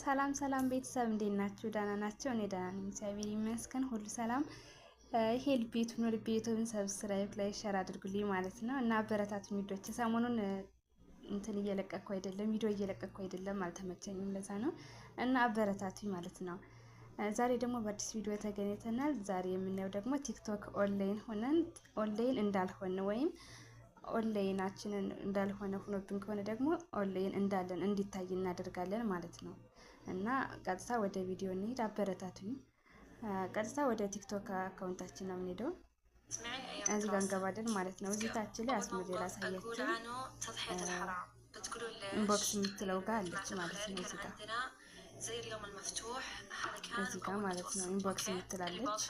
ሰላም ሰላም ቤተሰብ እንዴት ናችሁ? ደህና ናቸው። እኔ ደህና ነኝ፣ እግዚአብሔር ይመስገን፣ ሁሉ ሰላም። ይሄ ቤቱን ወደ ቤቱን ሰብስክራይብ ላይ ሸር አድርጉልኝ ማለት ነው እና አበረታት ሚዶች። ሰሞኑን እንትን እየለቀኩ አይደለም፣ ቪዲዮ እየለቀኩ አይደለም፣ አልተመቸኝም፣ ለዛ ነው እና አበረታቱ ማለት ነው። ዛሬ ደግሞ በአዲስ ቪዲዮ ተገኝተናል። ዛሬ የምናየው ደግሞ ቲክቶክ ኦንላይን ሆነን ኦንላይን እንዳልሆነ ወይም ኦንላይናችንን እንዳልሆነ ሆኖብን ከሆነ ደግሞ ኦንላይን እንዳለን እንዲታይ እናደርጋለን ማለት ነው። እና ቀጥታ ወደ ቪዲዮ እንሄድ። አበረታቱኝ። ቀጥታ ወደ ቲክቶክ አካውንታችን ነው የምንሄደው። እዚህ ጋር እንገባለን ማለት ነው። እዚህ ታች ላይ አስመድ ላሳያችሁ ኢንቦክስ የምትለው ጋር አለች ማለት ነው። እዚህ ጋር እዚህ ጋር ማለት ነው ኢንቦክስ የምትላለች።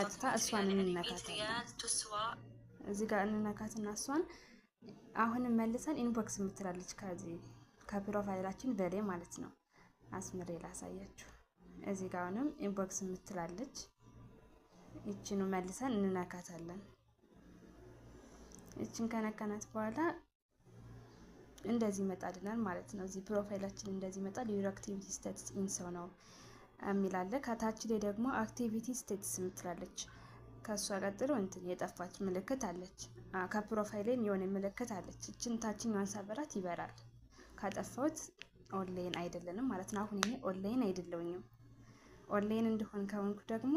ቀጥታ እሷን እንነካታለን። እዚህ ጋር እንነካትና እሷን አሁንም መልሰን ኢንቦክስ የምትላለች ከዚህ ከፕሮፋይላችን በላይ ማለት ነው አስምሬ ላሳያችሁ። እዚህ ጋር አሁንም ኢንቦክስ የምትላለች ይችኑ መልሰን እንነካታለን። ይችን ከነካናት በኋላ እንደዚህ ይመጣልናል ማለት ነው። እዚህ ፕሮፋይላችን እንደዚህ ይመጣል። ዩር አክቲቪቲ ስታትስ ኢን ነው የሚላለ። ከታች ላይ ደግሞ አክቲቪቲ ስታትስ የምትላለች። ከእሷ ቀጥሎ እንትን የጠፋች ምልክት አለች። ከፕሮፋይሌን የሆነ ምልክት አለች። እችን ታችኛዋን ሳበራት ይበራል። ካጠፋሁት ኦንላይን አይደለንም ማለት ነው። አሁን እኔ ኦንላይን አይደለውኝም። ኦንላይን እንደሆን ከሆንኩ ደግሞ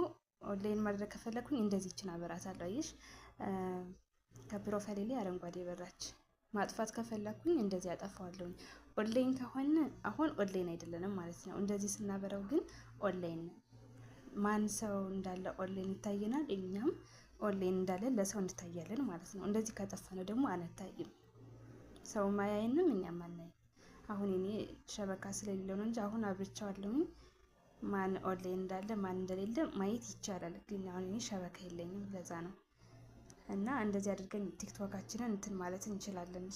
ኦንላይን ማድረግ ከፈለግኩኝ እንደዚችን አበራታለሁ። አየሽ ከፕሮፋይል ላይ አረንጓዴ በራች ማጥፋት ከፈለግኩኝ እንደዚህ አጠፋዋለሁኝ። ኦንላይን ከሆነ አሁን ኦንላይን አይደለንም ማለት ነው። እንደዚህ ስናበረው ግን ኦንላይን ነው። ማን ሰው እንዳለ ኦንላይን ይታየናል። እኛም ኦንላይን እንዳለ ለሰው እንታያለን ማለት ነው። እንደዚህ ከጠፋ ነው ደግሞ አንታይም፣ ሰው ማያይንም እኛም አናይም። አሁን እኔ ሸበካ ስለሌለው ነው እንጂ አሁን አብርቻዋለሁኝ። ማን ኦንላይን እንዳለ ማን እንደሌለ ማየት ይቻላል። ግን አሁን እኔ ሸበካ የለኝም ለዛ ነው። እና እንደዚህ አድርገን ቲክቶካችንን እንትን ማለት እንችላለን።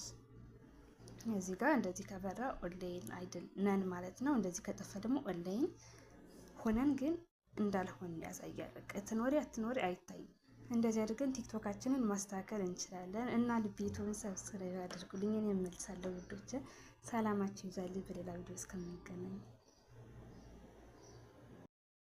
እዚህ ጋር እንደዚህ ከበራ ኦንላይን አይደል ነን ማለት ነው። እንደዚህ ከጠፋ ደግሞ ኦንላይን ሆነን ግን እንዳልሆን ያሳያል። በቃ ትኖሪ አትኖሪ አይታይም። እንደዚህ አድርገን ቲክቶካችንን ማስተካከል እንችላለን እና ልቤቱን ሰብስክራይብ አድርጉልኝ። እኔ እመልሳለሁ። ውዶች ሰላማችሁ ይብዛልኝ። በሌላ ቪዲዮ እስከምንገናኝ